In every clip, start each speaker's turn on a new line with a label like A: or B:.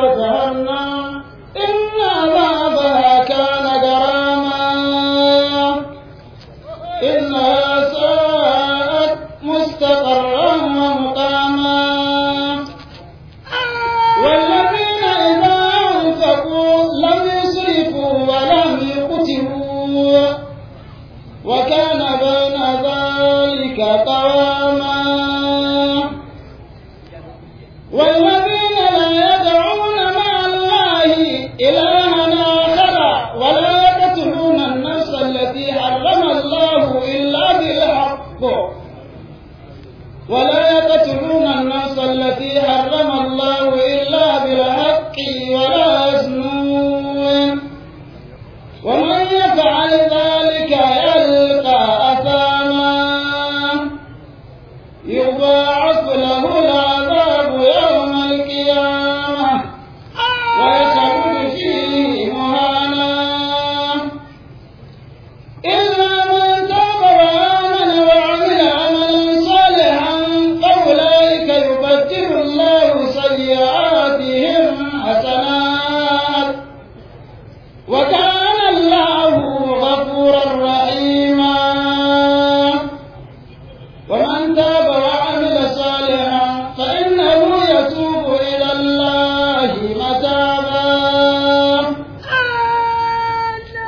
A: وجهنم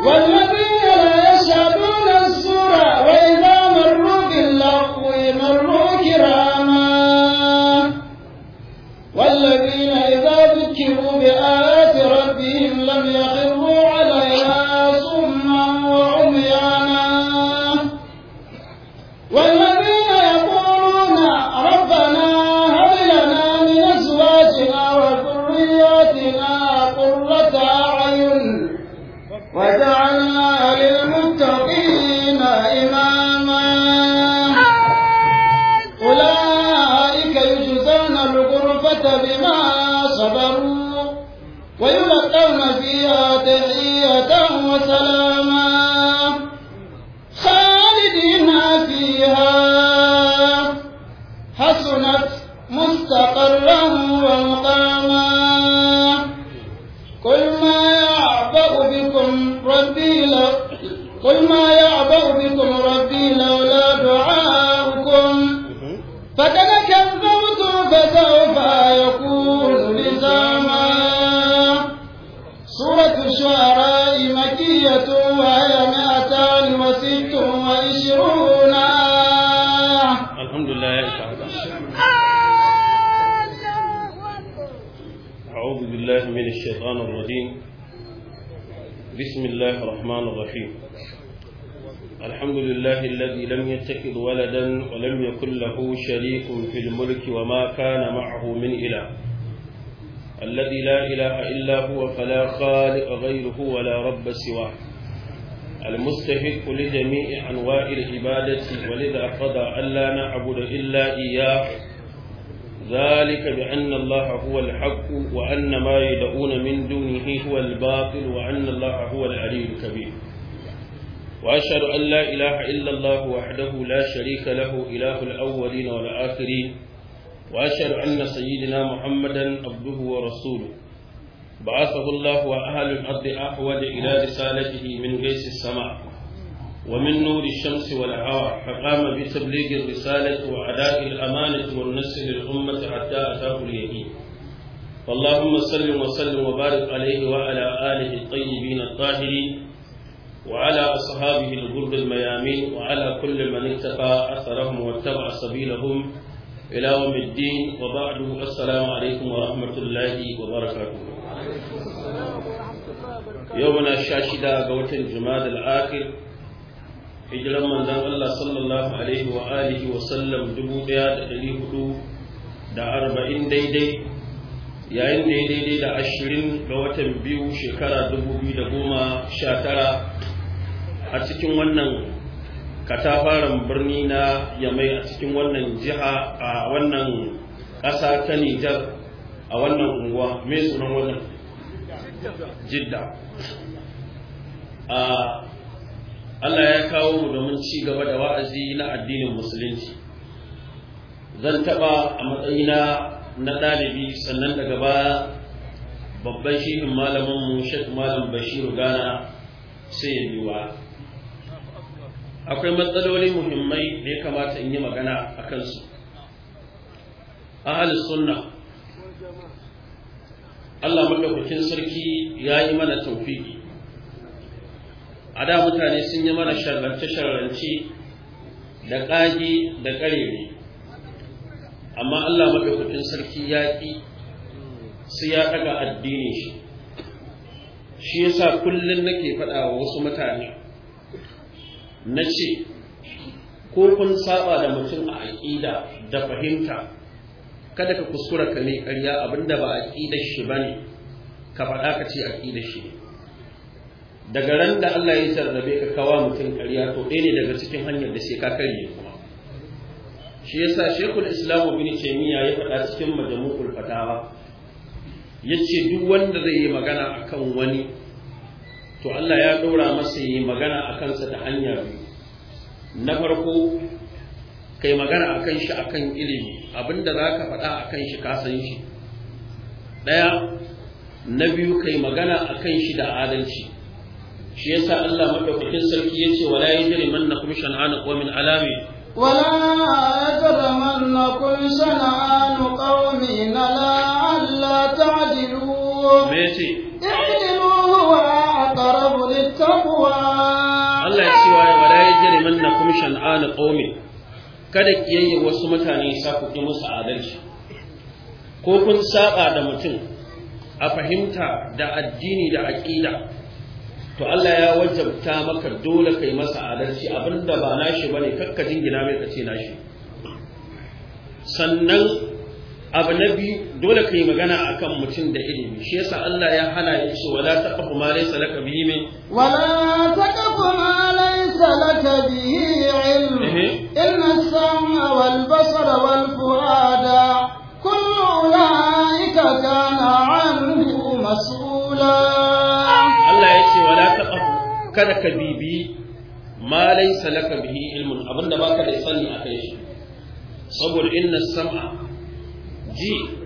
B: When
C: الحمد لله الذي لم يتخذ ولدا ولم يكن له شريك في الملك وما كان معه من إله الذي لا إله إلا هو فلا خالق غيره ولا رب سواه المستحق لجميع أنواع العبادة ولذا قضى ألا نعبد إلا إياه ذلك بأن الله هو الحق وأن ما يدعون من دونه هو الباطل وأن الله هو العلي الكبير وأشهد أن لا إله إلا الله وحده لا شريك له إله الأولين والآخرين وأشهد أن سيدنا محمدا عبده ورسوله بعثه الله وأهل الأرض أحوج إلى رسالته من غيث السماء ومن نور الشمس والهواء فقام بتبليغ الرسالة وأداء الأمانة والنصر للأمة حتى أتاه اليقين اللهم صل وسلم وبارك عليه وعلى آله الطيبين الطاهرين وعلى أصحابه الغرب الميامين وعلى كل من اتقى أثرهم واتبع سبيلهم إلى يوم الدين وبعد السلام عليكم ورحمة الله وبركاته
B: يومنا الشاشدة قوة
C: الجماد الآخر hijiran manzon Allah sallallahu alaihi wa alihi wa sallam dubu ɗaya da ɗari hudu da arba'in daidai yayin da ya daidai da ashirin ga watan biyu shekara dubu biyu da goma sha tara a cikin wannan katafaren birni na yamai a cikin wannan jiha a wannan ƙasa ta nijar a wannan unguwa mai sunan wannan jidda allah ya kawo mu domin ci gaba da wa'azi na addinin musulunci zan taɓa a matsayina na ɗalibi sannan daga baya babban shirin malaminmu shek malam bashiru gana sai ya biwa akwai matsaloli muhimmai da ya kamata in yi magana a kansu ahal sunna Allah madaukakin sarki ya yi mana taufiki a da mutane sun yi mana sharrance-sharrance da ƙage da ƙarere amma Allah madaukakin sarki ya ƙi su ya ɗaga addinin shi shi yasa kullum nake faɗa wa wasu mutane na ce ko kun saba da mutum a aƙida da fahimta kada ka kuskura ka mai ƙarya abinda ba a shi ba ne, ka faɗa ka ce aƙidar shi daga ran da Allah ya zarrabe ka kawa mutum ƙarya to ɗaya ne daga cikin hanyar da sai ka karye kuma shi yasa shekul islamu bin taimiyya ya faɗa cikin majmu'ul fatawa yace duk wanda zai yi magana akan wani to Allah ya ɗora masa yi magana a kansa ta hanya na farko kai magana a kan shi a kan ilimi abinda za ka faɗa a kan shi kasan shi ɗaya na biyu kai magana a kan shi da adalci shi yasa Allah madaukakin sarki ce wala yajrimannakum shan'anu qawmin alami
A: ولا يجرمنكم شنآن قوم لا ألا تعدلوا
C: ماشي yajrimannakum shan'an qaumin kada kiyayya wasu mutane sa ku ki musu adalci ko kun saba da mutum a fahimta da addini da aƙida to Allah ya wajabta maka dole kai masa adalci abinda ba nashi bane kakka jingina mai kace nashi sannan abu na biyu dole yi magana akan mutum da ilimi shi yasa Allah ya hana ya ce wala taqfu ma laysa laka bihi min
A: wala taqfu به علم إن السمع والبصر والفؤاد كل أولئك كان عنه مسؤولا الله يشي ولا
C: تقف كذا كبيبي ما ليس لك به علم أبدا باك لسان أكيش صبر إن السمع جي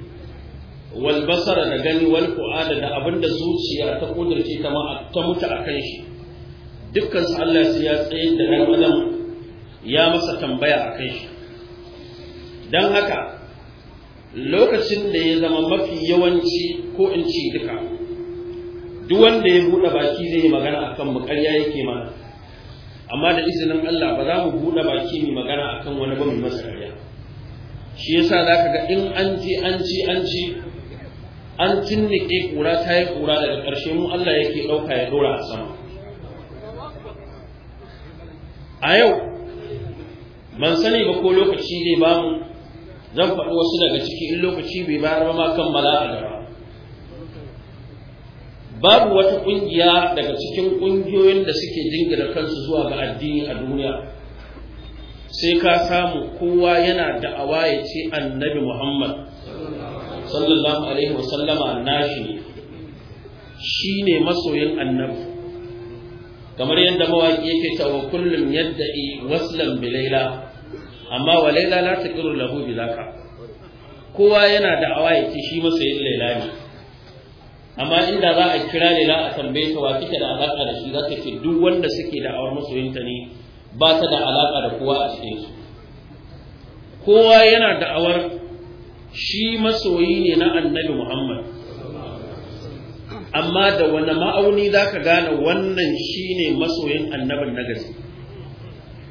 C: والبصر da gani wal fu'ada da abinda zuciya ta kudurce ta ma ta mutu akan shi dukkan su Allah sai ya tsaye da nan adam ya masa tambaya a kai shi don haka lokacin da ya zama mafi yawanci ko in ce duka duk wanda ya buɗe baki zai yi magana akan mu ƙarya yake mana amma da izinin Allah ba za mu buɗe baki mu magana akan wani ba mu masa shi yasa za ka ga in an ci an ci an ci an cinnike kura ta yi kura daga ƙarshe mu Allah yake ɗauka ya ɗora a sama a yau ban sani ba ko lokaci zai ba mu zan faɗi wasu daga ciki in lokaci bai bayar ba ma kan ba a gaba babu wata ƙungiya daga cikin ƙungiyoyin da suke jingina kansu zuwa ga addini a duniya sai ka samu kowa yana da'awa ya ce annabi muhammad sallallahu alaihi wasallama nashi shi ne masoyin annabi kamar yadda mawaki yake ta, wa kullum yadda i waslan bilaila amma wa laila la taqiru lahu bilaka kowa yana da awa yake shi masoyin laila ne amma inda za a kira laila a tambaye ta wa kike da alaka da shi za ce duk wanda suke da awar masoyinta ne ba ta da alaka da kowa a cikin su kowa yana da awar shi masoyi ne na annabi Muhammad amma da wani ma'auni za ka gane wannan shine masoyin annabin na gaske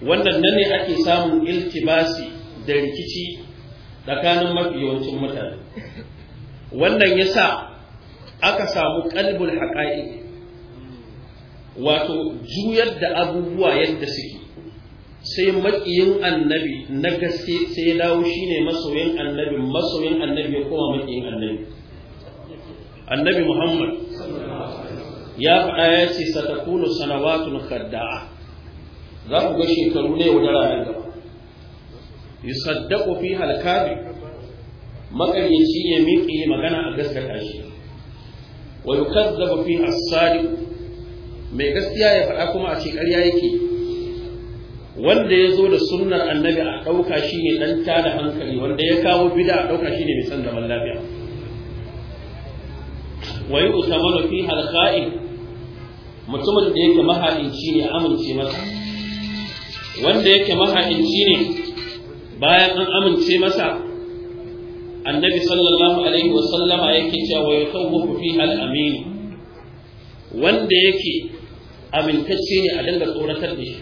C: wannan nan ne ake samun iltibasi da rikici tsakanin mafi yawancin mutane wannan ya sa aka samu kalbul haƙa'i wato juyar da abubuwa yadda suke sai maƙiyin annabi na gaske sai dawo shine masoyin annabi, masoyin annabi ya koma maƙiyin annabi annabi muhammad ya faɗa ya ce satakunu sanawatun kadda'a za ku ga shekaru ne wa dara nan gaba yusaddaqu fi halkabi makaryaci ya miƙe magana a gaskata shi wa yukazzabu fi as mai gaskiya ya faɗa kuma a ce ƙarya yake wanda ya zo da sunnar annabi a ɗauka shi ne ɗan tada hankali wanda ya kawo bida a ɗauka shi ne mai san zaman lafiya wa yi usamanu fi halqa'i mutumin da yake maha'inci ne amince masa wanda yake maha'inci ne bayan an amince masa annabi sallallahu alaihi wa sallama yake cewa wa yusawwafu fi al-amin wanda yake amintacce ne a dinga tsoratar da shi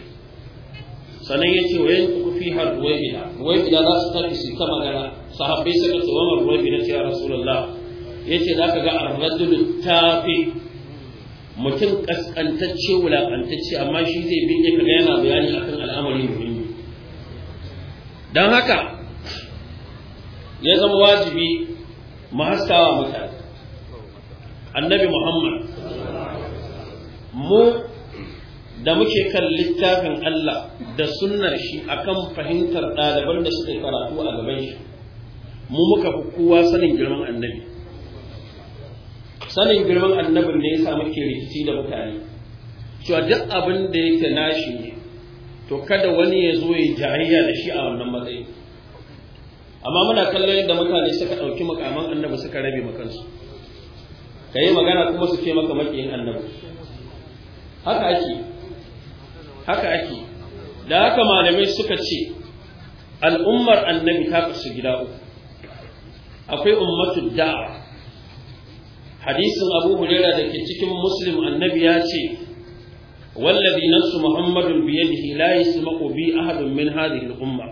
C: sanan ya ce wa yanku fi har ruwaibila ruwaibila za su tafi su ta magana sahabbai suka tsawamar ruwaibila ce a rasulullah yace za ka ga ar tafi mutum kaskantacce wulakantacce amma shi zai binne kaga yana bayani akan al'amari muhimmi dan haka ya zama wajibi mu haskawa mutane annabi muhammad mu da muke kan littafin Allah da sunnar shi akan fahimtar ɗaliban da suka karatu a gaban shi mu muka fi kowa sanin girman annabi sanin girman annabin da ya sa muke rikici da mutane cewa duk abin da yake nashi ne to kada wani ya zo ya jahiyya da shi a wannan matsayi amma muna kallon yadda mutane suka ɗauki makaman annabi suka rabe makansu ka yi magana kuma su ce maka makiyin annabi haka ake haka ake da haka malamai suka ce al'ummar annabi ta kasu gida uku akwai ummatu da'a hadisin abu huraira da ke cikin muslim annabi ya ce wallazi nafsu muhammadun biyadihi la yasma'u bi ahadun min hadhihi al-umma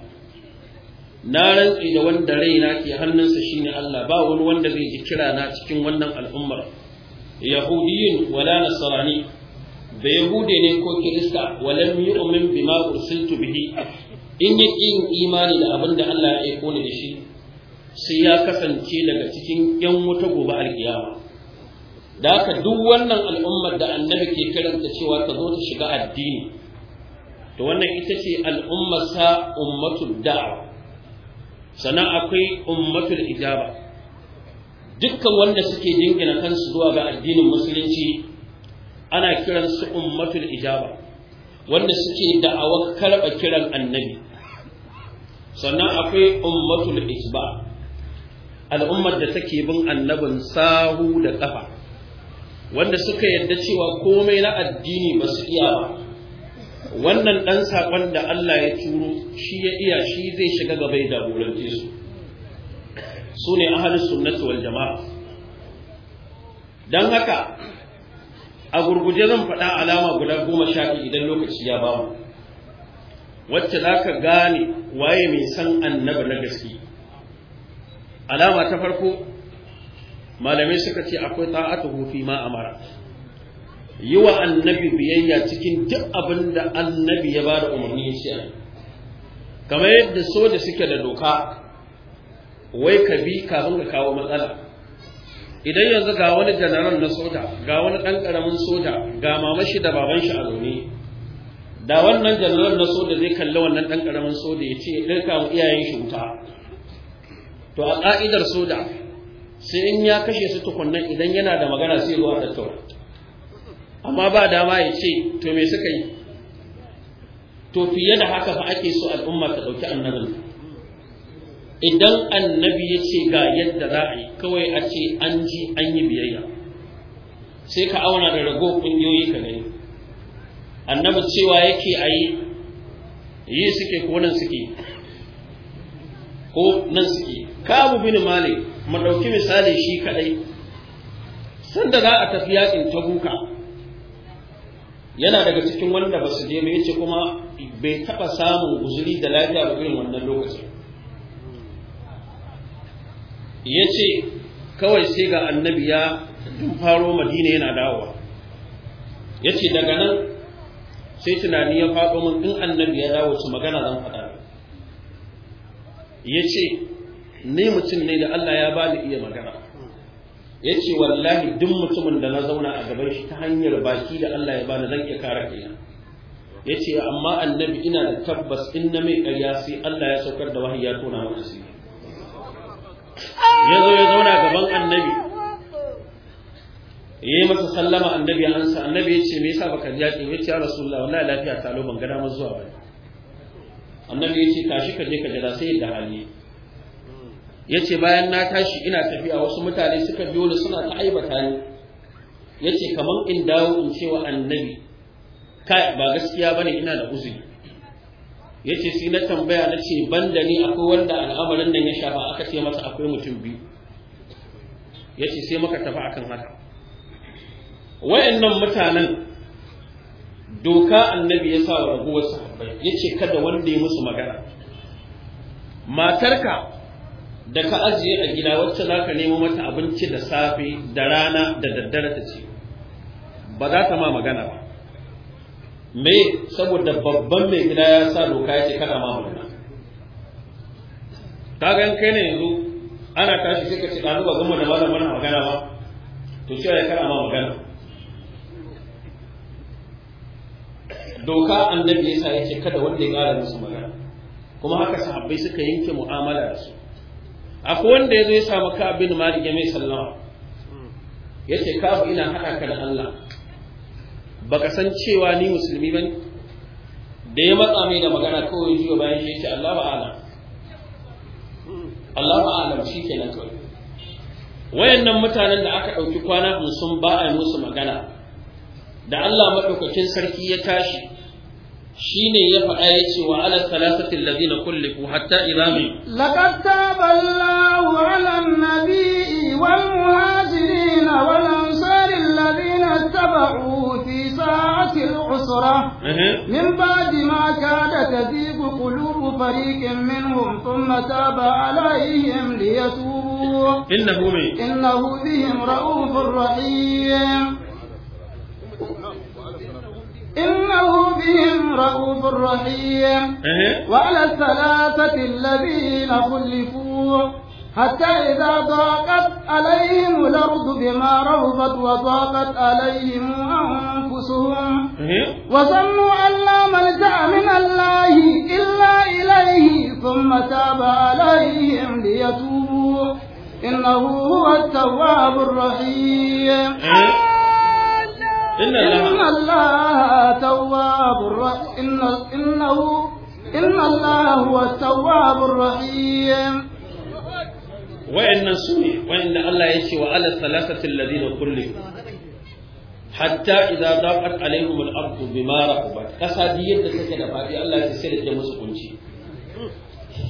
C: na rantsi da wanda raina ke hannunsa shine Allah ba wani wanda zai ji kira na cikin wannan al'ummar yahudiyin wala nasrani da yahude ne ko kirista walam yu'min bima ursiltu bihi in yi yin imani da abin da Allah ya aiko da shi sai ya kasance daga cikin ‘yan wuta gobe alkiyama da haka duk wannan al'ummar da annabi ke karanta cewa ta zo ta shiga addini to wannan ita ce al'ummar sa ummatul da'awa sannan akwai ummatul ijaba dukkan wanda suke jingina kansu zuwa ga addinin musulunci ana kiran kiransu ummatul ijaba wanda suke da'awar karɓa kiran annabi sannan akwai ummatul isba al'ummar da take bin annabin sahu da ƙafa wanda suka yadda cewa komai na addini ba su iya ba wannan ɗan saƙon da Allah ya turo shi ya iya shi zai shiga gaba da jagorance su su ne ahalus sunnati wal jama'a dan haka a gurguje zan faɗa alama guda goma sha idan lokaci ya mu wacce za ka gane waye mai san annabi na gaske alama ta farko malamai suka ce akwai ta'atu hufi ma amara yi wa annabi biyayya cikin duk abin da annabi ya ba da umarni ya a kamar yadda soja suke da doka wai ka bi kafin ka kawo matsala idan yanzu ga wani janaral na soja ga wani ɗan ƙaramin soja ga mamashi da baban shi a zaune da wannan janaral na soja zai kalli wannan ɗan ƙaramin soja ya ce kawo iyayen shi wuta to a ƙa'idar soja sai in ya kashe su tukunan idan yana da magana sai ruwa tattauna amma ba dama ya ce to me suka yi to fiye da haka fa ake so al'umma ta ɗauki annabin idan annabi ya ce ga yadda za a yi kawai a ce an ji an yi biyayya sai ka auna da rago ƙungiyoyi ka gani annabi cewa yake a yi yi suke ko nan suke ko nan suke kabu bin malik mu ɗauki misali shi kaɗai sanda za a tafi ta tabuka yana daga cikin wanda ba su je ba yace kuma bai taɓa samun guzuri da lafiya ba irin wannan lokacin yace kawai sai ga annabi ya faro madina yana dawowa yace daga nan sai tunani ya faɗo min in annabi ya dawo su magana zan faɗa yace ni mutum ne da Allah ya bani iya magana ya ce wallahi duk mutumin da na zauna a gaban shi ta hanyar baki da Allah ya bani zan iya kare kaina ya ce amma annabi ina da tabbas in na mai ƙarya sai Allah ya saukar da wahayi ya tona mu asiri ya zo ya zauna gaban annabi ya yi masa sallama annabi ya ansa annabi ya ce me yasa baka ji yaƙin ya ce ya rasulullah wallahi lafiya ta lo ban gada zuwa ba annabi ya ce tashi ka je ka jira sai da hali yace bayan na tashi ina tafiya wasu mutane suka biyo ni suna ta aibata ni yace kamar in dawo in ce wa annabi kai ba gaskiya ba ne, ina da uzuri yace sai na tambaya na ce ban da ni akwai wanda al'amarin nan ya shafa aka ce masa akwai mutum biyu yace sai muka tafi akan haka wayannan mutanen doka annabi ya sa wa raguwar sahabbai yace kada wanda ya musu magana matarka da ka ajiye a gida wacce za ka nemo mata abinci da safe da rana da daddare ta ce ba za ta ma magana ba me saboda babban mai gida ya sa doka ya ce kada ma magana ka ga kai ne yanzu ana tashi sai ka ce ɗazu ba gama da malam mana magana ba to cewa ya kada ma magana doka annabi yasa ya ce kada wanda ya ƙara musu magana kuma haka sahabbai suka yanke mu'amala da su akwai wanda ya zo ya samu ka da malik ya mai sallama ya ce kafu ina haɗa ka da Allah ba ka san cewa ni musulmi ne? da ya matsa mai da magana kawai zuwa bayan shi ce Allah ba'ala Allah ba'ala shi nan kawai wayannan mutanen da aka ɗauki kwana sun ba a musu magana da Allah maɗaukakin sarki ya tashi شين يفع أيتي وعلى الثلاثة الذين كلفوا حتى إمامي
A: لقد تاب الله على النبي والمهاجرين والأنصار الذين اتبعوا في ساعة العسرة من بعد ما كاد تذيب قلوب فريق منهم ثم تاب عليهم ليتوبوا
C: إنه مين
A: إنه بهم رؤوف رحيم إنه بهم رؤوف رحيم وعلى الثلاثة الذين خلفوا حتى إذا ضاقت عليهم الأرض بما رهبت وضاقت عليهم أنفسهم وظنوا أن لا ملجأ من الله إلا إليه ثم تاب عليهم ليتوبوا إنه هو التواب الرحيم إن الله إن الله تواب إن إنه إن الله هو التواب الرحيم
C: وإن سوء وإن الله يشي وعلى الثلاثة الذين كلهم حتى إذا ضاقت عليهم الأرض بما رحبت كسادية تسكن فادي الله يسير الجمس كنشي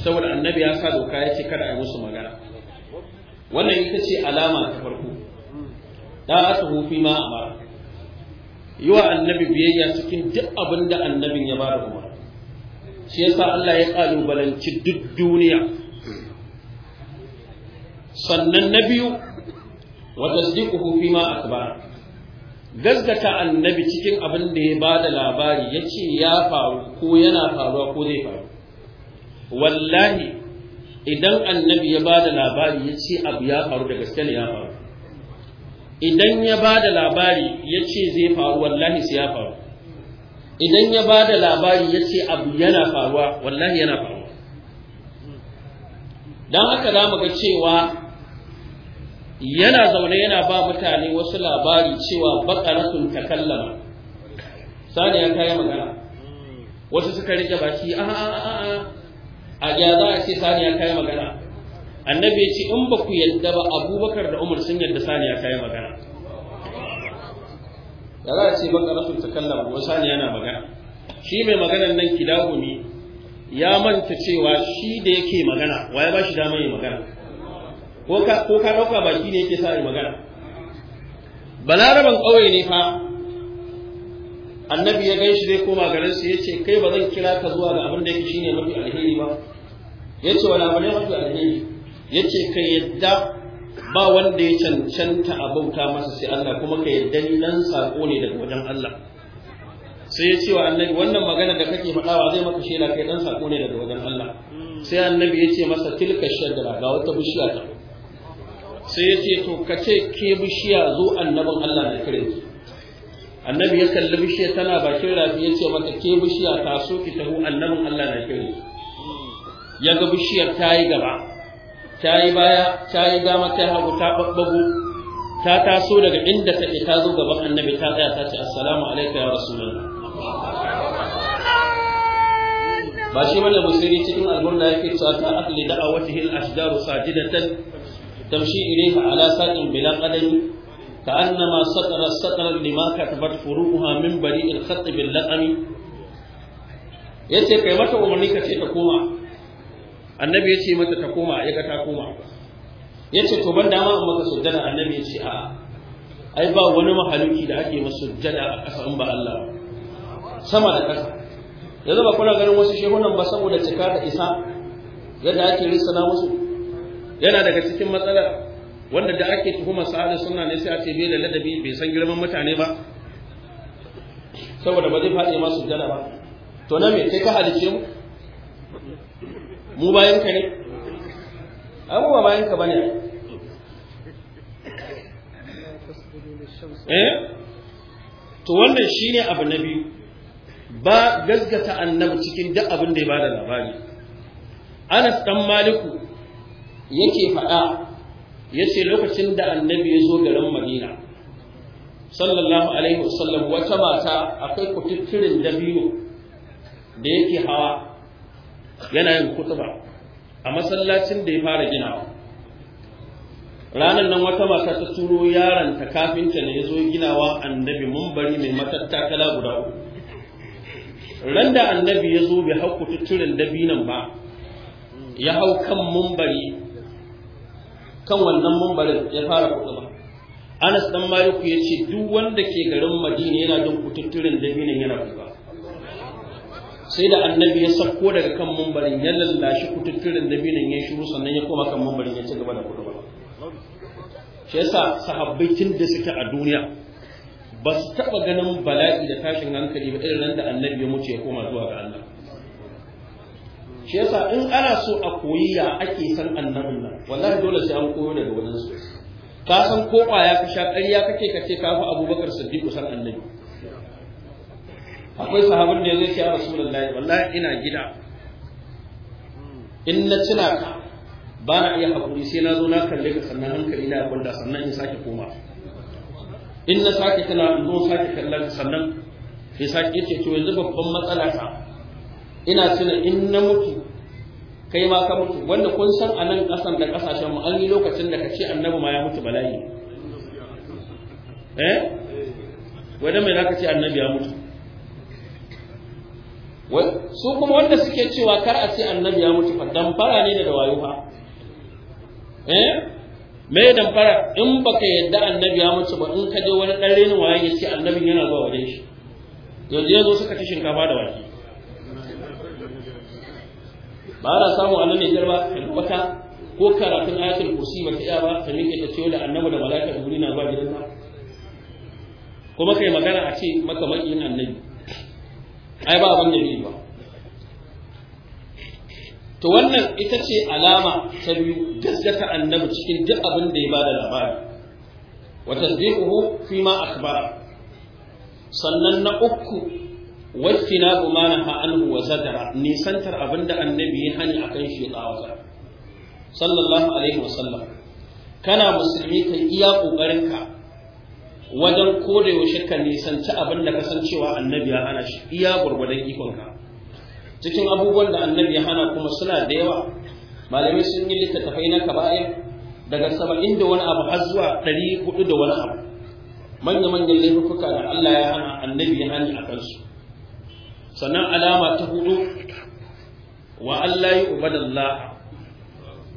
C: saboda annabi ya sa doka ya ce kada a yi musu magana wannan ita ce alama ta farko da aka hufi ma amara yi wa annabi biyayya cikin duk abin da annabin ya bada kuma shi yasa Allah ya kalubalanci duk duniya sannan na biyu wa tasdiquhu fima akbar gaskata annabi cikin abin da ya bada labari yace ya faru ko yana faruwa ko zai faru wallahi idan annabi ya bada labari yace abu ya faru da gaske ne ya faru idan ya ba da labari ya ce zai faru wallahi su ya faru idan ya ba da labari ya ce abu yana faruwa wallahi yana faruwa don haka za mu ga cewa yana zaune yana ba mutane wasu labari cewa bakaratun takallama sani ya kayan magana wasu suka rike baki a a a a a ya za a ce sani ya a magana annabi ya ce in ba ku yadda ba abubakar da umar sun yadda saniya ta yi magana da za a ce baka rasul ta kalla ba saniya na magana shi mai maganan nan kidahu ne ya manta cewa shi da yake magana ya ba shi damar yi magana ko ka ɗauka baki ne yake sa yi magana balaraban ƙauye ne fa annabi ya gaishe zai koma garin su yace kai ba zan kira ka zuwa ga abin da yake shine mafi alheri ba yace wala bane mafi alheri yace ka yadda ba wanda ya cancanta a bauta masa sai Allah kuma ka yadda ni nan sako ne daga wajen Allah sai ya ce wa annabi wannan magana da kake faɗawa zai maka shaida kai dan sako ne daga wajen Allah sai annabi ya ce masa tilka shajara ga wata bishiya ta sai ya ce to ka ce ke bishiya zo annabin Allah da kare ki annabi ya kalli bishiya tana bakin rafi ya ce mata ke bishiya ta so ki taho annabin Allah da kare ya yaga bishiyar ta yi gaba ta yi baya ta yi dama ta hagu ta babbago ta taso daga inda take ta zo gaban annabi ta tsaya ta ce assalamu alaikum ya rasulullah
B: ba shi wanda musulmi cikin alburna yake cewa
C: ta akli da'awatihi al-ashdaru sajidatan tamshi ilayha ala saqin bila qadami كأنما lima سطر لما كتبت فروعها من بريء الخط باللقم yace kai mata umarni ka ce ta koma annabi ya ce mata ta koma ya ga ta koma ya ce to ban dama in maka sujjada annabi ya ce a ai ba wani mahaluki da ake masa sujjada a ƙasa in ba Allah sama da ƙasa yanzu ba kuna ganin wasu shehunan ba saboda cika da isa yadda ake risana musu yana daga cikin matsalar wanda da ake tuhumar sa'adar sunna ne sai a ce bai da ladabi bai san girman mutane ba saboda ba zai faɗi masu jana ba to na me kai ka halice mu mu bayan ne ba bayan ka bane eh to wannan shi ne abu na biyu ba gaskata annabi cikin duk abin da ya bada labari Anas dan Maliku yake faɗa yace lokacin da annabi ya zo garin Madina sallallahu alaihi wasallam wata mata akwai kututturin dabino da yake hawa yana yin kutuba a masallacin da ya fara ginawa ranar nan wata mata ta turo yaron ta kafinta ne ya zo ginawa annabi mumbari mai matattakala guda uku ran da annabi ya zo bai hau kututturin dabinan ba ya hau kan mumbari kan wannan mumbarin ya fara kutuba anas dan maliku ya ce duk wanda ke garin madina yana jin kututturin dabinan yana kutuba sai da annabi ya sakko daga kan mambarin ya lallashi da binin ya shiru sannan ya koma kan mambarin ya ci gaba da kudu ba shi yasa sahabbai tun da suke a duniya ba su taɓa ganin bala'i da tashin hankali ba irin nan da annabi ya mutu ya koma zuwa ga Allah shi yasa in ana so a koyi ya ake san annabin nan wallahi dole sai an koyo daga wajen su ka san ko ƙwaya ka sha ƙarya kake ka ce ka fi abubakar siddiqu san annabi akwai sahabin da ya zai rasu da lai wallahi ina gida in na cina ka ba na iya haƙuri sai na zo na kalle ka sannan hankali na abinda sannan in sake koma in na sake tana in zo sake kallon ka sannan sai sake ce to yanzu babban matsala ta ina cina in na mutu kai ma ka mutu wanda kun san a nan ƙasan da ƙasashen mu an yi lokacin da ka ce annabi ma ya mutu bala'i eh wanda mai za ka ce annabi ya mutu su kuma wanda suke cewa kar a ce annabi ya mutu fa damfara ne da wayo fa eh me damfara in baka yadda annabi ya mutu ba in ka je wani dan renin waye ya ce annabi yana zuwa waje shi yanzu ya zo suka ci shinkafa da wake ba ra samu annan ne jarba wata ko karatun ayatul kursi ba ta iya ba ta miƙe ta cewa da annabi da mala'ika da guri na zuwa kuma kai magana a ce maka maƙiyin annabi ai ba abin da yi ba to wannan ita ce alama ta biyu gaskata annabi cikin duk abin da ya da labari wa tasdiquhu fi ma akhbara sannan na uku wattina ma naha anhu wa zadara nisantar abin da annabi ya hani akan shi tsawata sallallahu alaihi wa sallam kana musulmi ka iya kokarinka wajen koda yaushe ka nisanci abin da kasancewa annabi ya hana shi iya gwargwadon ikonka cikin abubuwan da annabi ya hana kuma suna da yawa Malami sun yi littattafai na kaba'ir daga saba'in da wani abu har zuwa ɗari hudu da wani abu manya-manyan laifuka da Allah ya hana annabi ya hana a kansu sannan alama ta hudu wa Allah ya ubadallah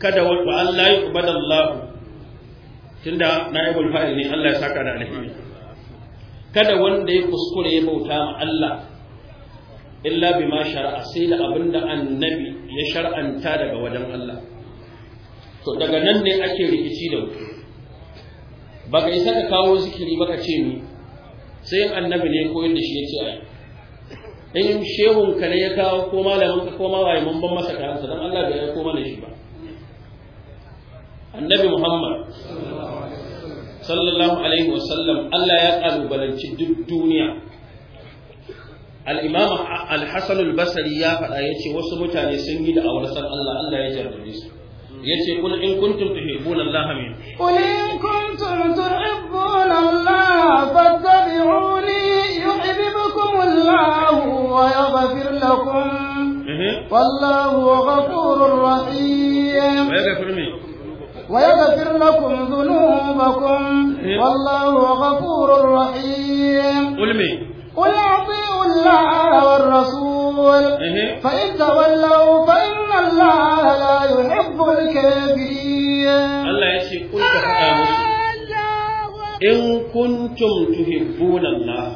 C: kada wa Allah ya ubadallah tunda yi fa'il ne Allah ya saka da alheri kada wanda ya kuskure ya bauta ma Allah illa bima shar'a sai da abinda annabi ya shar'anta daga wajen Allah to daga nan ne ake rikici da wuta baka isa ka kawo zikiri baka ce ni sai annabi ne koyar da shi ya ce in shehun ka ne ya kawo ko malamin ka ko mawaye mun ban masa kayansa dan Allah bai koma mana shi ba annabi muhammad sallallahu alaihi wasallam Allah ya kalubalanci duk duniya al-imam al-hasan al Basari ya faɗa yace wasu mutane sun yi da san Allah Allah ya jarrabe su yace in kuntum tuhibbuna Allah min
A: kul in kuntum tuhibbuna Allah fattabi'uni wa lakum wallahu wa ويغفر لكم ذنوبكم والله غفور رحيم قل مي قل اطيعوا الله والرسول فان تولوا فان الله لا يحب الكافرين الله يشي
C: قل in kuntum tuhibbuna Allah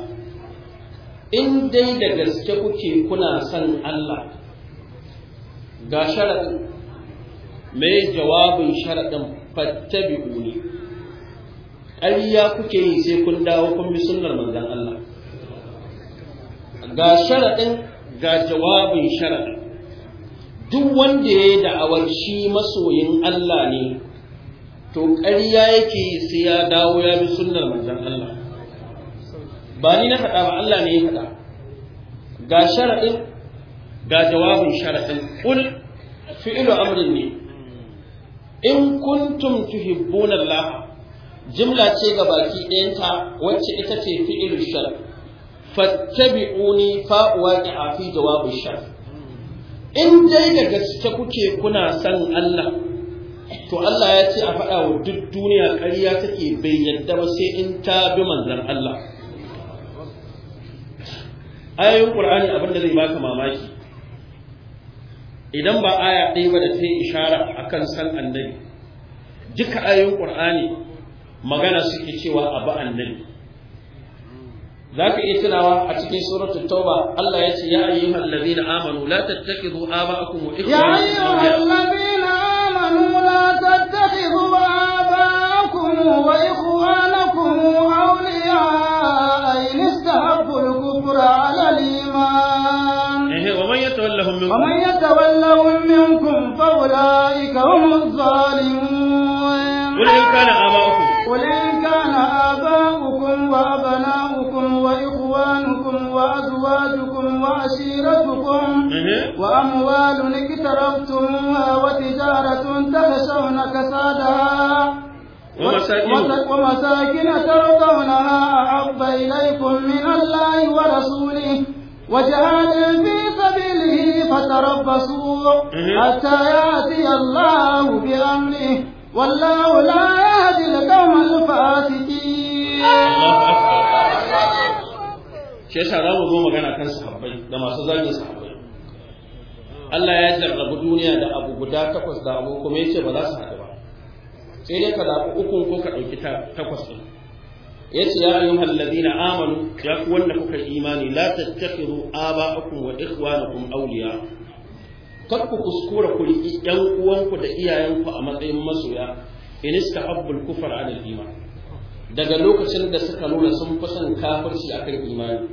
C: in dai da gaske kuke kuna son Allah ga sharaɗin me jawabin sharaɗin fattabi'uni ƙarya kuke yi sai kun dawo kun bi sunnar manzan Allah ga sharaɗin ga jawabin sharaɗin duk wanda ya yi da'awar shi masoyin Allah ne to ƙarya yake sai ya dawo ya bi sunnar manzan Allah ba ni na faɗa ba Allah ne ya faɗa ga sharaɗin ga jawabin sharaɗin kul fi'ilu amrin ne in kuntum tuhibbuna Allah jimla ce ga baki ɗayanta wacce ita ce fi'il shar fattabi'uni fa waqi'a fi jawabi shar in dai da gaske kuke kuna san Allah to Allah ya ce a faɗa wa duk duniya ƙarya take bai yadda ba sai in ta bi manzon Allah ayoyin Qur'ani abin da zai baka mamaki idan ba aya ɗaya ba da ta yi ishara a kan san annabi duka ayoyin ƙur'ani magana suke cewa a abu annabi za ka iya tunawa a cikin suratul tauba Allah ya ce ya ayyuha allazina amanu la tattakhidhu aba'akum wa ikhwanakum ya ayyuha
A: allazina amanu la tattakhidhu aba'akum wa ikhwanakum ومن يتولهم منكم فأولئك هم الظالمون
C: قل إن كان آباؤكم
A: قل إن كان آباؤكم وأبناؤكم وإخوانكم وأزواجكم وعشيرتكم وأموال اقترفتموها وتجارة تخشون كسادها ومساكن ترضونها أحب إليكم من الله ورسوله وجهاد في سبيله فتربصوا حتى يأتي الله بأمره والله لا يهدي القوم الفاسقين
C: shi yasa za mu zo magana kan sahabbai da masu zagin sahabbai Allah ya jarrabu duniya da abu guda takwas da abu kuma yace ba za su haɗu ba sai dai ka zaɓi ukun ko ka ɗauki takwas yace ya ayyuhal ladina amanu ya ku wanda kuka imani la tattakhidu aba'akum wa ikhwanakum awliya kar ku kuskura ku riƙi ƴan uwanku da iyayenku a matsayin masoya in istahabbul kufra ala iman daga lokacin da suka nuna sun fi son kafirci akan imani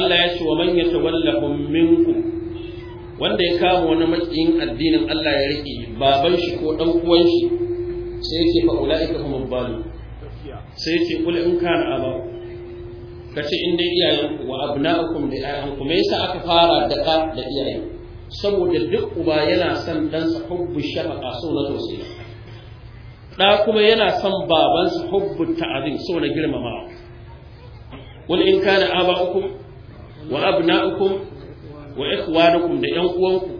C: Allah ya ce wa man yatawallahum minkum wanda ya kama wani makiyin addinin Allah ya riƙe baban shi ko dan uwan shi sai yake fa ulaika humul sai yake kula in kana aba ka ce in dai iyayen wa abna'ukum da iyayen kuma yasa aka fara da ka da iyayen saboda duk uba yana son dan sa hubbu shafaqa so na tausayi da kuma yana son baban babansa hubbu ta'zim so na girmamawa wal in kana aba'ukum wa abna'ukum wa ikhwanukum da yan uwanku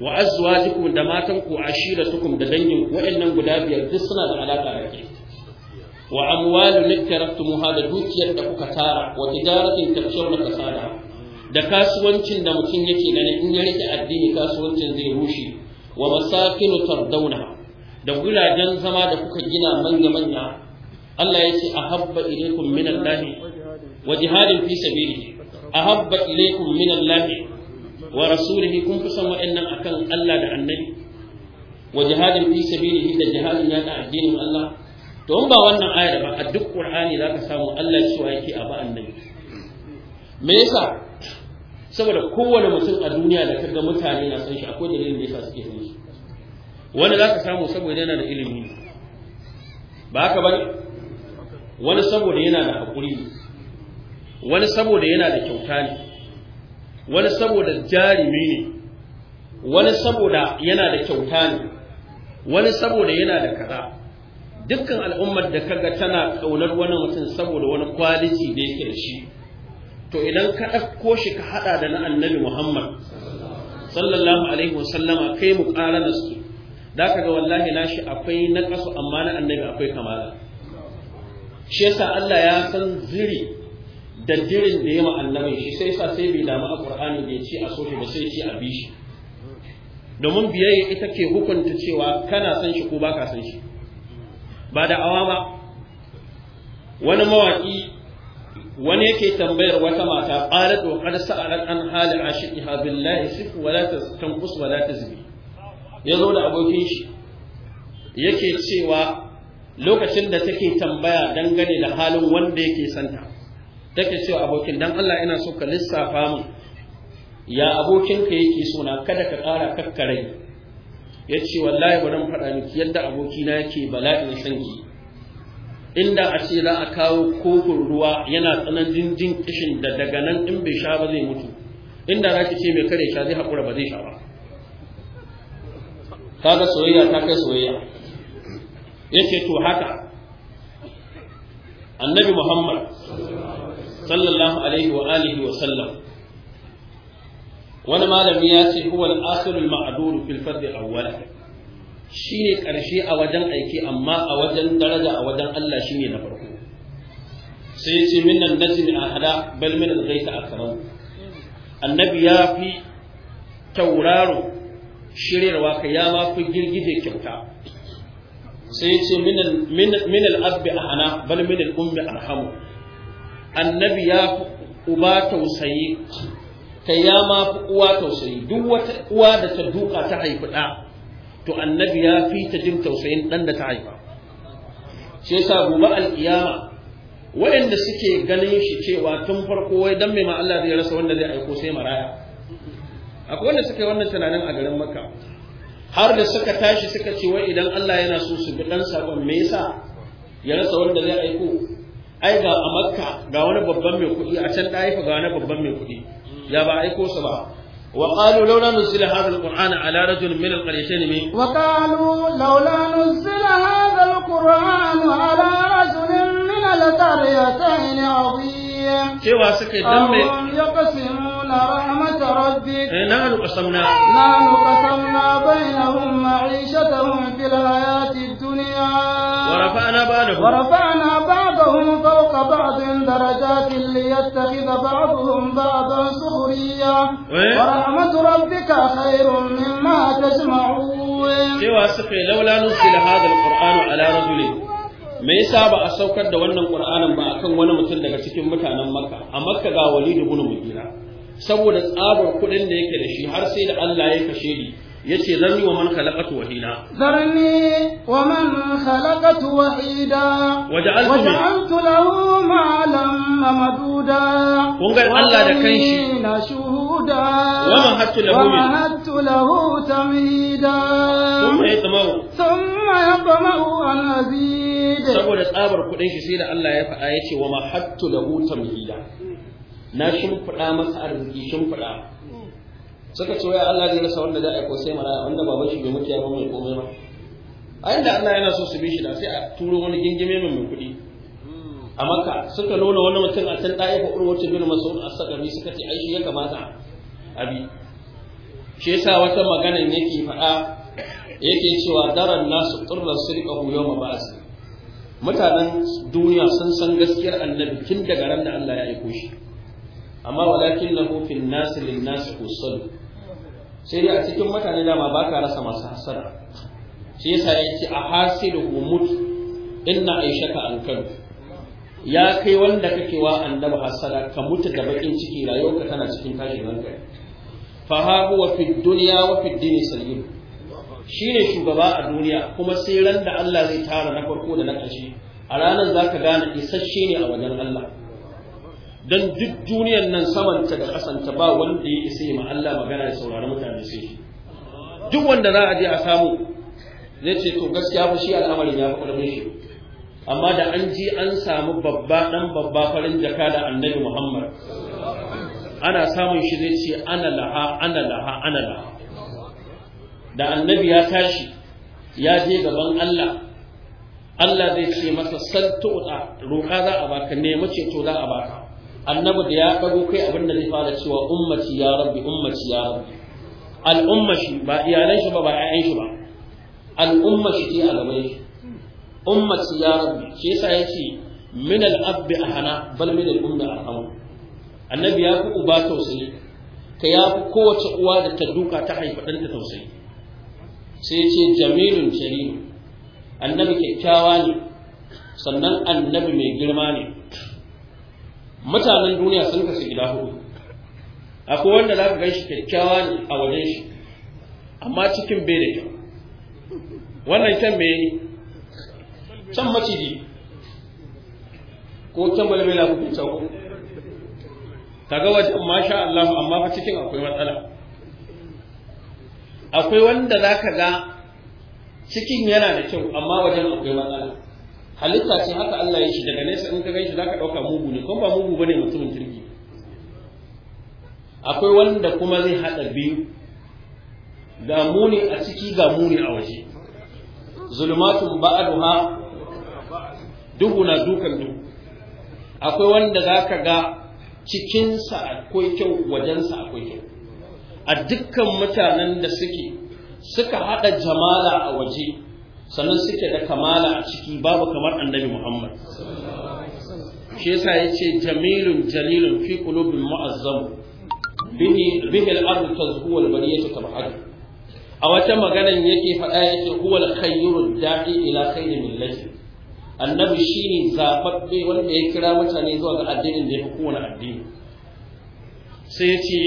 C: wa azwajikum da matanku ashiratukum da danginku wa'annan guda biyar duk suna da alaka da kai wa amwalun iktaraftumuha da dukiyar da kuka tara wa tijaratin tafshawna kasada da kasuwancin da mutum yake ganin in ya rike addini kasuwancin zai rushe wa masakinu tardawna da gulajen zama da kuka gina manya manya Allah ya ce jihadin fi da addinin to ba wannan ayar ba a duk qur'ani ka samu Allah cewa yake a ba'an nan, me yasa saboda kowane mutum a duniya da kaga mutane na san shi akwai dalilin da yasa suke san shi wani za ka samu saboda yana da ilimi ba haka bane wani saboda yana da haƙuri, wani saboda yana da kyauta ne wani saboda jarumi ne wani saboda yana da kyauta ne wani saboda yana da kaza dukkan al'ummar da kaga tana kaunar wani mutum saboda wani kwaliti da yake da shi to idan ka ɗauko shi ka haɗa da na annabi muhammad sallallahu alaihi wasallama kai mu ƙara da su da ka ga wallahi shi akwai na ƙasu amma na annabi akwai kamala shi yasa Allah ya san ziri da dirin da ya annabin shi sai sa, sai bai damu a Qur'ani da ya ci a soke ba sai ce a bi shi domin biyayya ita ke hukunta cewa kana san shi ko baka san shi ba da awa ba wani mawaƙi wani yake tambayar wata mata qalat wa qad sa'alat an hali ashiqiha billahi sif wa la tanqus wa la tazbi yazo da abokin shi yake cewa lokacin da take tambaya dangane da halin wanda yake santa take cewa abokin dan Allah ina so ka lissafa min ya abokinka yake so na kada ka ƙara kakkarai ya ce wallahi ba mu faɗa miki yadda abokina yake bala'in san ki inda a ce za a kawo kofin ruwa yana tsananin jin kishin da daga nan in bai sha ba zai mutu inda za ki ce mai kare sha zai haƙura ba zai sha ba kaga soyayya ta kai soyayya yake to haka annabi muhammad sallallahu alaihi wa alihi wa sallam wani malami ya ce huwa al-akhirul ma'duru fil fard awwala shine karshe a wajen aiki amma a wajen daraja a wajen Allah shine na farko sai ya ce minnan najmi ahada bal min al-ghayth akram annabi ya fi tauraro shiryarwa ka ya ma fi girgije kyauta sai ya ce min al-abbi ahana bal min al-ummi arhamu annabi ya fi uba tausayi kai ya ma fi uwa tausayi duk wata uwa da ta duka ta haifi ɗa to annabi ya fi ta jin tausayin ɗan da ta haifa shi yasa gobe al'iyama. waɗanda suke ganin shi cewa tun farko wai dan mai ma Allah zai rasa wanda zai aiko sai maraya akwai wanda suka yi wannan tunanin a garin Makka har da suka tashi suka ce wai idan Allah yana so su bi dan sakon me yasa ya rasa wanda zai aiko ai ga a Makka ga wani babban mai kuɗi a can ɗaya ga wani babban mai kuɗi ya ba aiko وقالوا لولا نزل هذا القرآن على رجل من القريتين من
A: وقالوا لولا نزل هذا القرآن على رجل من القريتين عظيم
C: cewa دمي أو
A: يقسم رحمة ربك
C: نحن قسمنا نحن
A: قسمنا بينهم معيشتهم في الحياة الدنيا ورفعنا بعضهم ورفعنا بعضهم فوق بعض درجات ليتخذ بعضهم بعضا سخريا
C: ورحمة
A: ربك خير مما تجمعون
C: سوى سخي لولا نزل هذا القرآن على رجل me yasa ba a saukar da wannan qur'anin ba akan wani mutum daga cikin mutanen makka a makka ga walid ibn mugira saboda tsabar kuɗin da yake da shi har sai da Allah ya kashe ni yace zarni wa man khalaqatu wahida
A: zarni wa man khalaqatu wahida waja'altu lahu ma'lam mamduda kun ga Allah da kanshi na shuhuda wa man hattu lahu wa man hattu lahu tamida thumma yatma'u thumma yatma'u an
C: azid saboda tsabar kuɗin shi sai da Allah ya faɗa ya ce wa man hattu lahu tamida na shimfiɗa masa arziki shimfiɗa suka ce wai Allah zai rasa wanda za a yi ko sai mara wanda baban shi bai mutu ya ba mai komai ba a inda Allah yana so su bi shi da sai a turo wani gingime mai mai kuɗi a maka suka nuna wani mutum a can ɗaya fa'ur wacce bin masu a sakami suka ce ai shi ya kamata a bi shi yasa wata magana yake faɗa yake cewa daren nasu turrar sirka huyo ma ba su. mutanen duniya sun san gaskiyar annabi tun daga ran da Allah ya aiko shi amma walakin lahu fil nas lin nas husal sai dai a cikin mutane dama ba ka rasa masu hasara shi yasa ce a hasidu umut inna aishaka ankar ya kai wanda kake wa annabi hasara ka mutu da bakin ciki rayuwarka tana cikin tashin hankali fa ha huwa fi dunya wa fi dini Shi shine shugaba a duniya kuma sai ran da Allah zai tara na farko da na ƙarshe a ranar zaka gane isasshe ne a wajen Allah Don duk duniyar nan samanta da kasan ta ba wanda ya isa ma Allah magana da saurari mutane sai duk wanda za a je a samu zai ce to gaskiya fa shi al'amarin ya faɗa mishi amma da an ji an samu babba dan babba farin jaka da annabi Muhammad ana samun shi zai ce ana laha ana laha ana laha da annabi ya tashi ya je gaban Allah Allah zai ce masa saltu'a roƙa za a baka nemi ceto za a baka annabi da ya dago kai abin da zai fara cewa ummaci ya rabbi ummaci ya rabbi al'umma shi ba iyalan shi ba ba ƴaƴan shi ba al'umma shi ce a gaban shi ummati ya rabbi shi yasa ce min al'abbi a hana, bal min al'umma a arham annabi ya fi uba tausayi ka ya fi kowace uwa da ta duka ta haifa ɗanta tausayi sai ya ce jamilun shari'u annabi kyakkyawa ne sannan annabi mai girma ne mutanen duniya sun kasu gida hudu akwai wanda za ka gan shi kyakkyawa ne a wajen shi amma cikin bai da kyau wannan kyan mai ne can maciji ko mai balbela ko kuta Ka ga wajen masha Allah amma fa cikin akwai matsala akwai wanda za ka ga cikin yana da kyau amma wajen akwai matsala halitta ce haka Allah ya shi daga nesa in ka gan shi ka ɗauka mugu ne kuma ba mugu ba ne, mutumin jirgi. akwai wanda kuma zai haɗa biyu ga muni a ciki ga muni a waje zulumatun ha duhu na dukan duhu akwai wanda za ka ga cikinsa akwai kyau wajensa akwai kyau a dukkan mutanen da suke suka haɗa jamala a waje sannan suke da kamala a ciki babu kamar annabi Muhammad shi yasa yace jamilun jalilun fi qulubil mu'azzam bihi ardu tazhu wal tabhad a wata maganan yake faɗa yake huwa al-khayru da'i ila khayri millati annabi shine zababbe wanda ya kira mutane zuwa ga addinin da ya fi kowane addini sai yace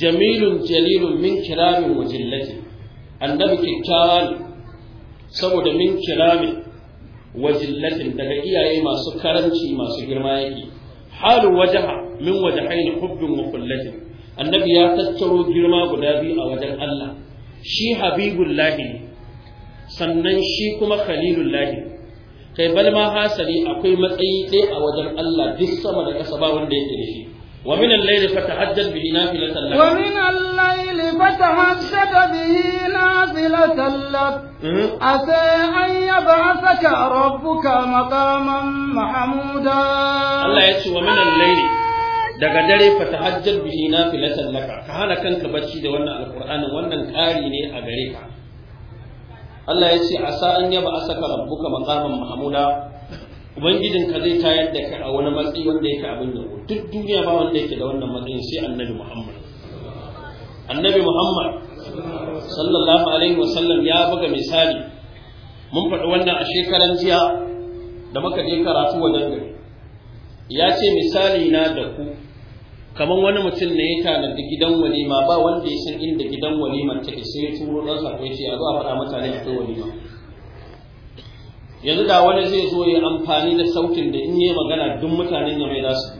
C: jamilun jalilun min kiramin wajillati annabi kikkawa saboda min kirami wa daga iyaye masu karanci masu girma yake halu wajaha min wajahaini hubbin wa kullatin annabi ya tattaro girma guda biyu a wajen Allah shi habibullahi sannan shi kuma khalilullahi kai bal ma hasali akwai matsayi ɗaya a wajen Allah duk sama da ƙasa ba wanda yake da shi wa min al-layli fatahajjal bihi nafilatan wa min
A: al فتمسك به نافلة لك عسى أن يبعثك ربك مقاما محمودا الله يسوى من الليل
C: daga dare fatahajjal bihi nafilatan laka ka hana kanka bacci da wannan alqur'anin wannan ƙari ne a gare ka Allah ya ce asa an yaba asaka rabbuka maqaman mahmuda ubangijin ka zai tayar da kai a wani matsayi wanda yake abin da duk duniya ba wanda yake da wannan matsayin sai annabi Muhammad annabi muhammad sallallahu alaihi wasallam ya buga misali mun faɗi wannan a shekaran jiya da muka je karatu wajen gari ya ce misali na da ku kamar wani mutum ne ya tanadi gidan walima ba wanda ya san inda gidan walimar take sai ya turo ɗan sako ya ce a zo a faɗa mutane a kai walima yanzu da wani zai zo ya amfani da sautin da in yi magana duk mutanen ya mai za su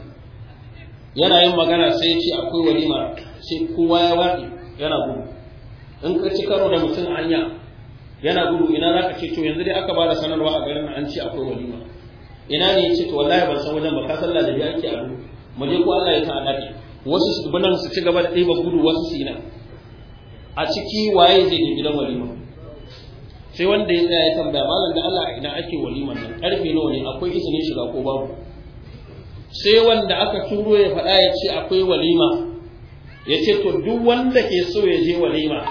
C: yana yin magana sai ya ce akwai walima sai kowa ya waɗe yana gudu in ka ci karo da mutum anya yana gudu ina za ka ce to yanzu dai aka ba da sanarwa a garin an ce akwai walima ina ne ce to wallahi ban san wajen ba ka sallah da biya ake a gudu mu je ko Allah ya ta ne wasu su banan su ci gaba da ɗiba gudu wasu su ina a ciki waye zai je gidan walima sai wanda ya tsaya ya tambaya malam da Allah ina ake waliman nan karfe nawa ne akwai izinin shiga ko babu sai wanda aka turo ya faɗa ya ce akwai walima ya ce to duk wanda ke so ya je walima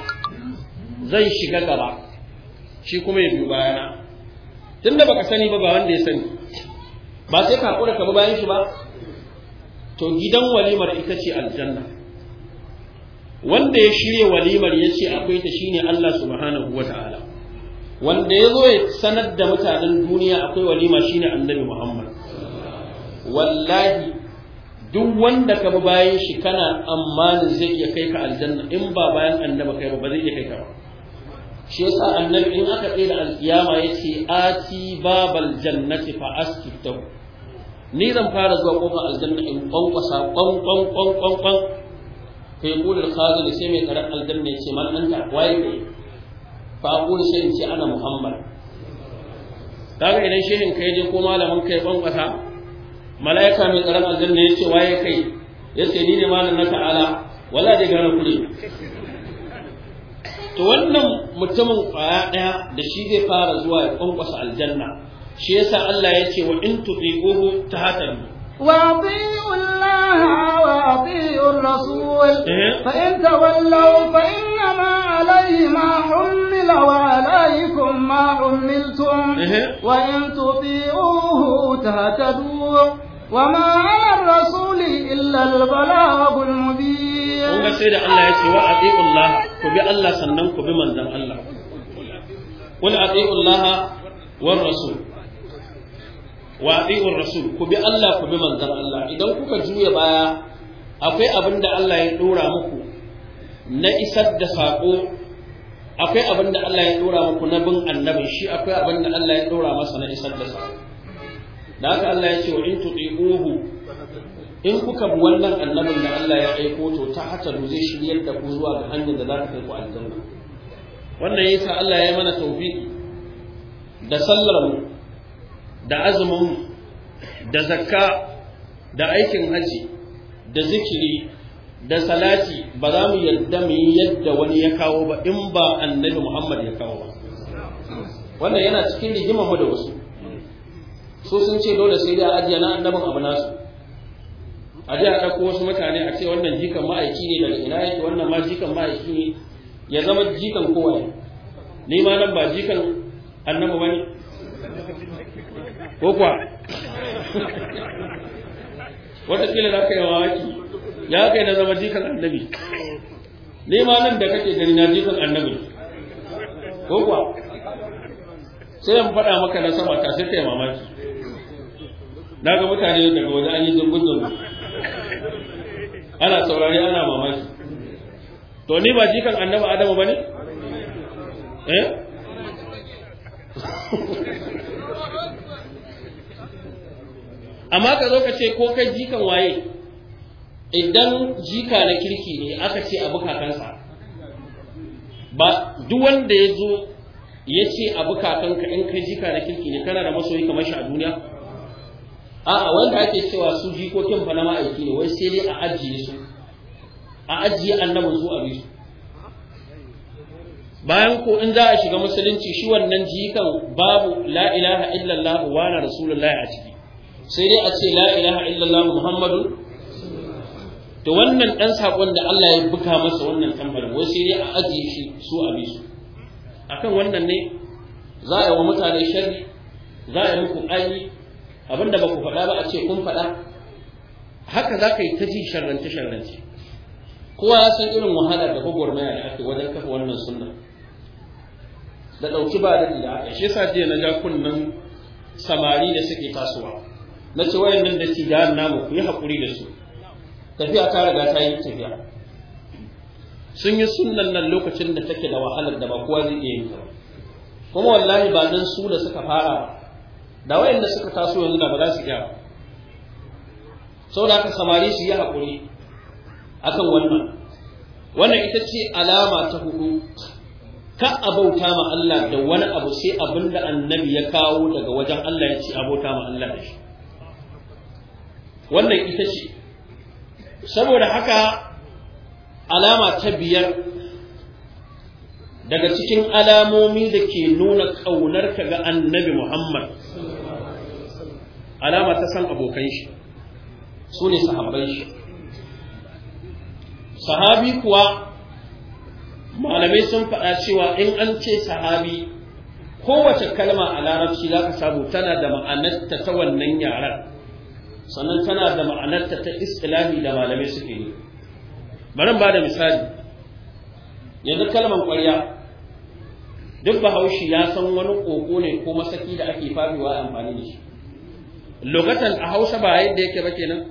C: zai shiga gaba shi kuma ya duba bayana tun da baka sani ba ba wanda ya sani ba sai ka haƙura ka bayan shi ba to gidan walimar ita ce aljanna wanda ya shirya walimar ya ce akwai ta shine Allah subhanahu wa ta'ala wanda ya zo ya sanar da mutanen duniya akwai walima shine annabi Muhammad wallahi duk wanda ka bayan shi kana amanin zai iya kai ka aljanna in ba bayan annaba kai ba ba zai iya kai ka ba shi yasa annabi in aka tsira alkiyama yace ati babal jannati fa astiftahu ni zan fara zuwa kofar aljanna in kwankwasa kwankwan kwankwan kwan fa yaqulu al-khazin sai mai karan aljanna yace man anta waye ne fa aqulu sai in ce ana muhammad kaga idan shehin kai je ko malamin kai kwankwasa mala'ika mai tsaron aljanna ya ce waye kai ya ce ni ne malam na ta'ala wala da gane kure to wannan mutumin kwaya daya da shi zai fara zuwa ya kwankwasa aljanna shi yasa Allah ya ce wa in tuqiquhu tahtadu
A: وأطيعوا الله وأطيعوا الرسول فإن تولوا فإنما عليه ما حمل وعليكم ما حملتم وإن تطيعوه تهتدوا وما على الرسول إلا البلاغ المبين sai da Allah ya ce wa
C: Allah ku bi Allah sannan ku bi manzon Allah qul ati'u Allah war rasul wa ati'u ku bi Allah ku bi manzon Allah idan kuka juya baya akwai abin Allah ya dora muku na isar da sako akwai abin Allah ya na bin annabi shi akwai abin Allah ya dora masa na isar da da haka Allah ya ce wa in tudiquhu in kuka bi wannan annabin da Allah ya aiko to ta hatsaru zai shiryar da ku zuwa ga hanyar da za ta kai ku aljanna wannan yasa Allah ya mana tawfiqi da sallar mu da azumin da zakka da aikin haji da zikiri da salati ba za mu yadda mu yi yadda wani ya kawo ba in ba annabi Muhammad ya kawo ba wannan yana cikin rigimar mu da wasu su sun ce dole sai da ajiya na annabin abu nasu a ji a ɗauko wasu mutane a ce wannan jikan ma'aiki ne daga ina yake wannan ma jikan ma'aiki ne ya zama jikan kowa ne ma nan ba jikan annabi ba ne ko kuwa watakila za ka yi mamaki ya kai na zama jikan annabi Ne ma nan da kake gani na jikan annabi ko kuwa sai in faɗa maka na sama ka sai ka yi mamaki na ga mutane daga waje an yi zungun zungun
B: ana saurari ana
C: mamaki to ni ba jikan annaba adamu ba ne? eh? amma ka zo ka ce ko kai jikan waye idan jika na kirki ne aka ce abu kakansa ba duk wanda ya zo ya ce abu kakanka in kai jika na kirki ne kana da masoyi kamar shi a duniya a'a wanda ake cewa su jikokin fa na ma'aiki ne wai sai dai a ajiye su a ajiye annabin su a su bayan ko in za a shiga musulunci shi wannan jikan babu la ilaha illallah wa na rasulullahi a ciki sai dai a ce la ilaha illallah muhammadu to wannan dan sakon da Allah ya buka masa wannan tambarin wai sai dai a ajiye shi su a bi akan wannan ne za a yi wa mutane sharri za a yi muku ayi, abinda ba ku faɗa ba a ce kun faɗa haka za ka yi ta ji sharrance sharrance kowa ya san irin wahala da gwagwarmaya da ake wajen kafa wannan sunna da ɗauki ba da da aka shi sa jiya na ja kunnen samari da suke tasowa na ce wayannan da ke da namu ku yi haƙuri da su tafiya ta riga ta yi tafiya sun yi sunnan nan lokacin da take da wahalar da ba kowa zai iya yin ta kuma wallahi ba nan su da suka fara da wayanda suka taso yanzu da ba za su iya sau da aka samari su yi haƙuri akan wannan wannan ita ce alama ta hudu ka abauta ma Allah da wani abu sai abin da annabi ya kawo daga wajen Allah ya ce abauta ma Allah da shi wannan ita ce saboda haka alama ta biyar daga cikin alamomi da ke nuna ƙaunarka ga annabi Muhammad alama ta san abokan shi su ne sahabban shi sahabi kuwa malamai sun faɗa cewa in an ce sahabi kowace kalma a larabci za ka samu tana da ma'anarta ta wannan yaran sannan tana da ma'anarta ta islami da malamai suke yi bari ba da misali yanzu kalmar ƙwarya duk bahaushe ya san wani ƙoƙo ne ko masaki da ake farewa amfani da shi Lokatan a hausa ba yadda yake ba kenan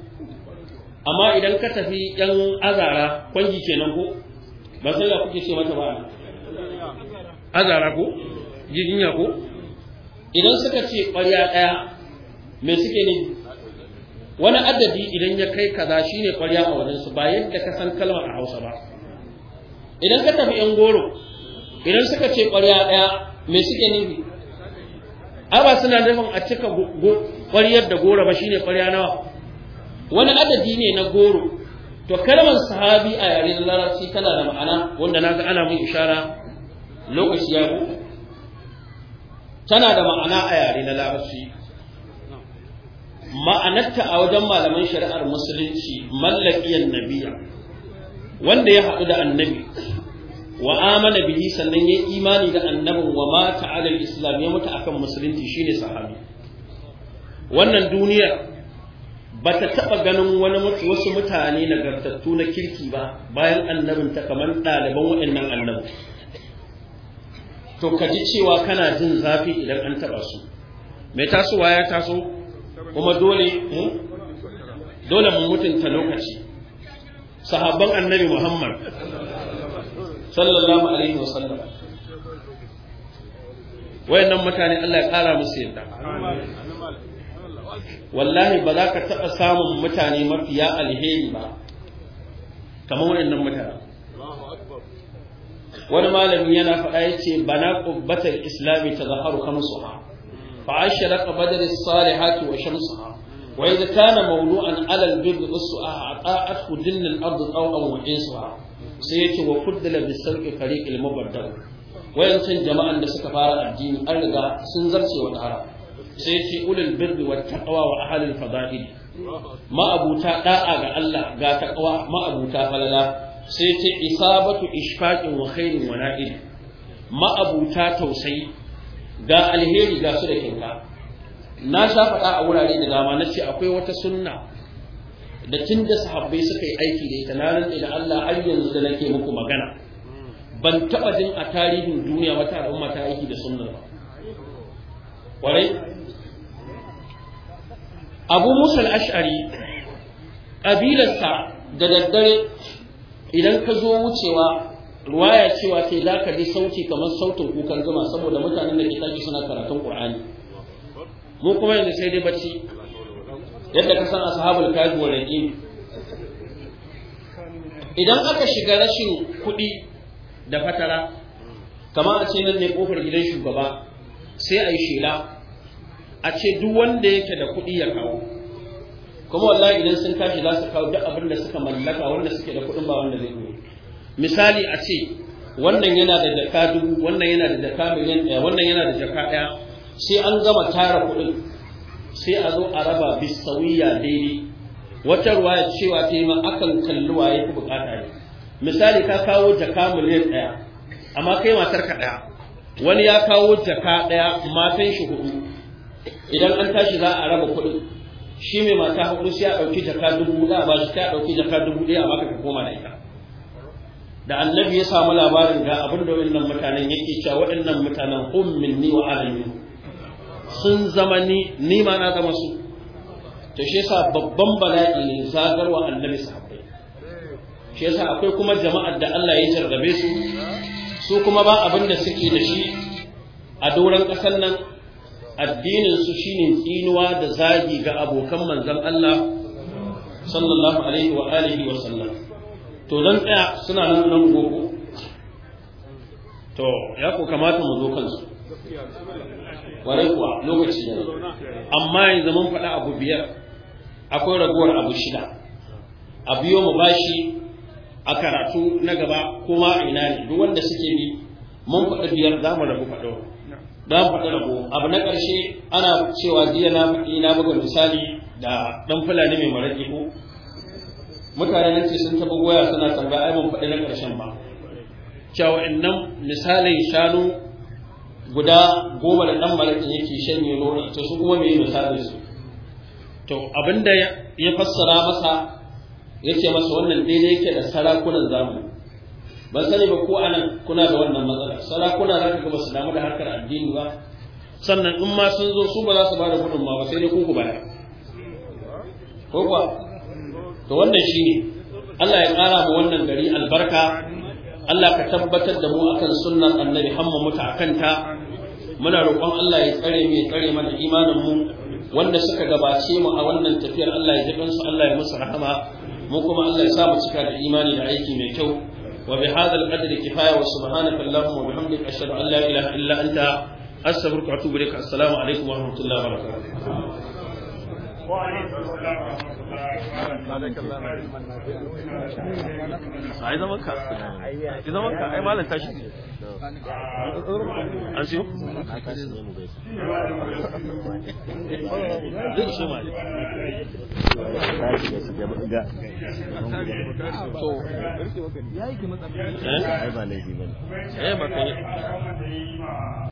C: amma idan ka tafi yan azara kwangi kenan ko ba sai ya kuke ce mata ba azara ko jijinya ko idan suka ce ƙwarya ɗaya me suke ne wani adadi idan ya kai kaza shine ƙwarya a wajensu ba yadda ka san kalmar a hausa ba idan ka tafi yan goro idan suka ce ƙwarya ɗaya me suke nufi ai suna nufin a cika ƙwaryar da goro ba shine ƙwarya nawa wani adadi ne na goro to kalmar sahabi a yare yaren larabci tana da ma'ana wanda na ga ana mun ishara lokaci ya go tana da ma'ana a yare na larabci ma'anarta a wajen malaman shari'ar musulunci mallakiyan nabiya wanda ya haɗu da annabi wa amana bihi sannan ya imani da annabin wa mata alal islam ya mutu akan musulunci shine sahabi wannan duniyar ba ta taɓa ganin wani wasu mutane nagartattu na kirki ba bayan annabin ta kamar ɗaliban waɗannan annabi to ka ji cewa kana jin zafi idan an taɓa su mai tasowa ya taso kuma dole hmm?
B: dole mu mutunta lokaci
C: sahabban annabi muhammad
B: sallallahu alaihi wa sallam
C: wayannan mutane Allah ya kara musu yadda
B: wallahi ba za ka
C: taɓa samun mutane mafiya alheri ba kamar wayannan mutane wani malami yana faɗa ya ce bana ƙubbatar islami ta zaharu kamsuha fa ashara qabadar salihati wa Wa shamsuha وإذا كان موضوعا على البر والسؤال أعطاءته جن الأرض طوعا وإنسها sai ce wa fuddala bi sarqi tariqil mubadda wayancan jama'an da suka fara addini an riga sun zarce wa dara sai yake ulul birri wat taqwa wa ahlul fadail ma'abuta da'a ga Allah ga taqwa ma'abuta falala sai ce isabatu ishfaqin wa khairin wa na'il ma'abuta tausayi ga alheri ga su da kinka na sha faɗa a wurare da dama na ce akwai wata sunna da tun da sahabbai suka yi aiki da ita na rantsa da Allah har yanzu da nake muku magana ban taɓa jin a tarihin duniya wata al'umma ta aiki da sunnar ba ƙwarai abu musul ash'ari ƙabilarsa da daddare idan ka zo wucewa ruwaya cewa sai za ka ji sauti kamar sautin kukan zuma saboda mutanen da ke tashi suna karatun ƙur'ani mu kuma yanzu sai dai bacci yadda ka san ashabul kafi wa idan aka shiga rashin kuɗi da fatara kamar a ce nan ne kofar gidan shugaba sai a yi shela a ce duk wanda yake da kuɗi ya kawo kuma wallahi idan sun tashi za su kawo duk abin da suka mallaka wanda suke da kuɗin ba wanda zai yi misali a ce wannan yana da jaka dubu wannan yana da jaka miliyan ɗaya wannan yana da jaka ɗaya sai an gama tara kuɗin sai a zo a raba bisawiya daidai wata ruwaya cewa ta yi ma akan kalli waye ku bukata ne misali ka kawo jaka miliyan ɗaya amma kai matar ka ɗaya wani ya kawo jaka ɗaya matan shi hudu idan an tashi za a raba kuɗi shi mai mata hudu sai a ɗauki jaka dubu ɗaya ba shi ta ɗauki jaka dubu ɗaya amma ka koma da ita da annabi ya samu labarin ga abin da wannan mutanen yake cewa waɗannan mutanen hum minni wa alamin sun zama ni ni ma na zama su to shi yasa babban bala'i ne wa annabi sahabbai shi yasa akwai kuma jama'ar da Allah ya jarrabe su su kuma ba abin da suke da shi a doron ƙasar nan addinin su shine tsinuwa da zagi ga abokan manzon Allah sallallahu alaihi wa alihi wa sallam to dan tsaya suna nan nan gogo to ya ko kamata mu zo kansu Kwarai kuwa lokaci ne. Amma yanzu mun faɗa abu biyar akwai ragowar abu shida. A biyo mu bashi a karatu na gaba kuma a ina ne duk wanda suke bi mun faɗa biyar za mu rabu faɗo. Za mu faɗi rabo. Abu na ƙarshe ana cewa jiya na faɗi na buga misali da ɗan fulani mai maraƙi ko mutane nan ce sun taɓa waya suna tambaya ai mun faɗi na ƙarshen ba. Cewa innan misalin shanu guda goma da ɗan malakin yake shanye nonon to su kuma mai misalin su to abinda ya fassara masa ya ce masa wannan daidai yake da sarakunan zamani ban sani ba ko anan kuna da wannan matsala sarakuna za ka gaba su damu da harkar addini ba sannan in ma sun zo su ba za su ba da gudun ba sai dai ku bada. ko kuwa to wannan shi ne. Allah ya ƙara mu wannan gari albarka Allah ka tabbatar da mu akan sunnan annabi hamma muta akan ta muna roƙon Allah ya tsare mu ya tsare mana imanin mu wanda suka gabace mu a wannan tafiyar Allah ya jibin su Allah ya musu rahama mu kuma Allah ya sa mu cika da imani da aiki mai kyau wa bi hadha qadri kifaya wa subhanaka allahumma wa bihamdika ashhadu an la ilaha illa anta astaghfiruka wa atubu ilaik assalamu alaikum wa rahmatullahi wa barakatuh
B: ai zaman ka ai zaman ka ai tashi an siyo ma ya yi matsa eh? ba ba ne
A: eh,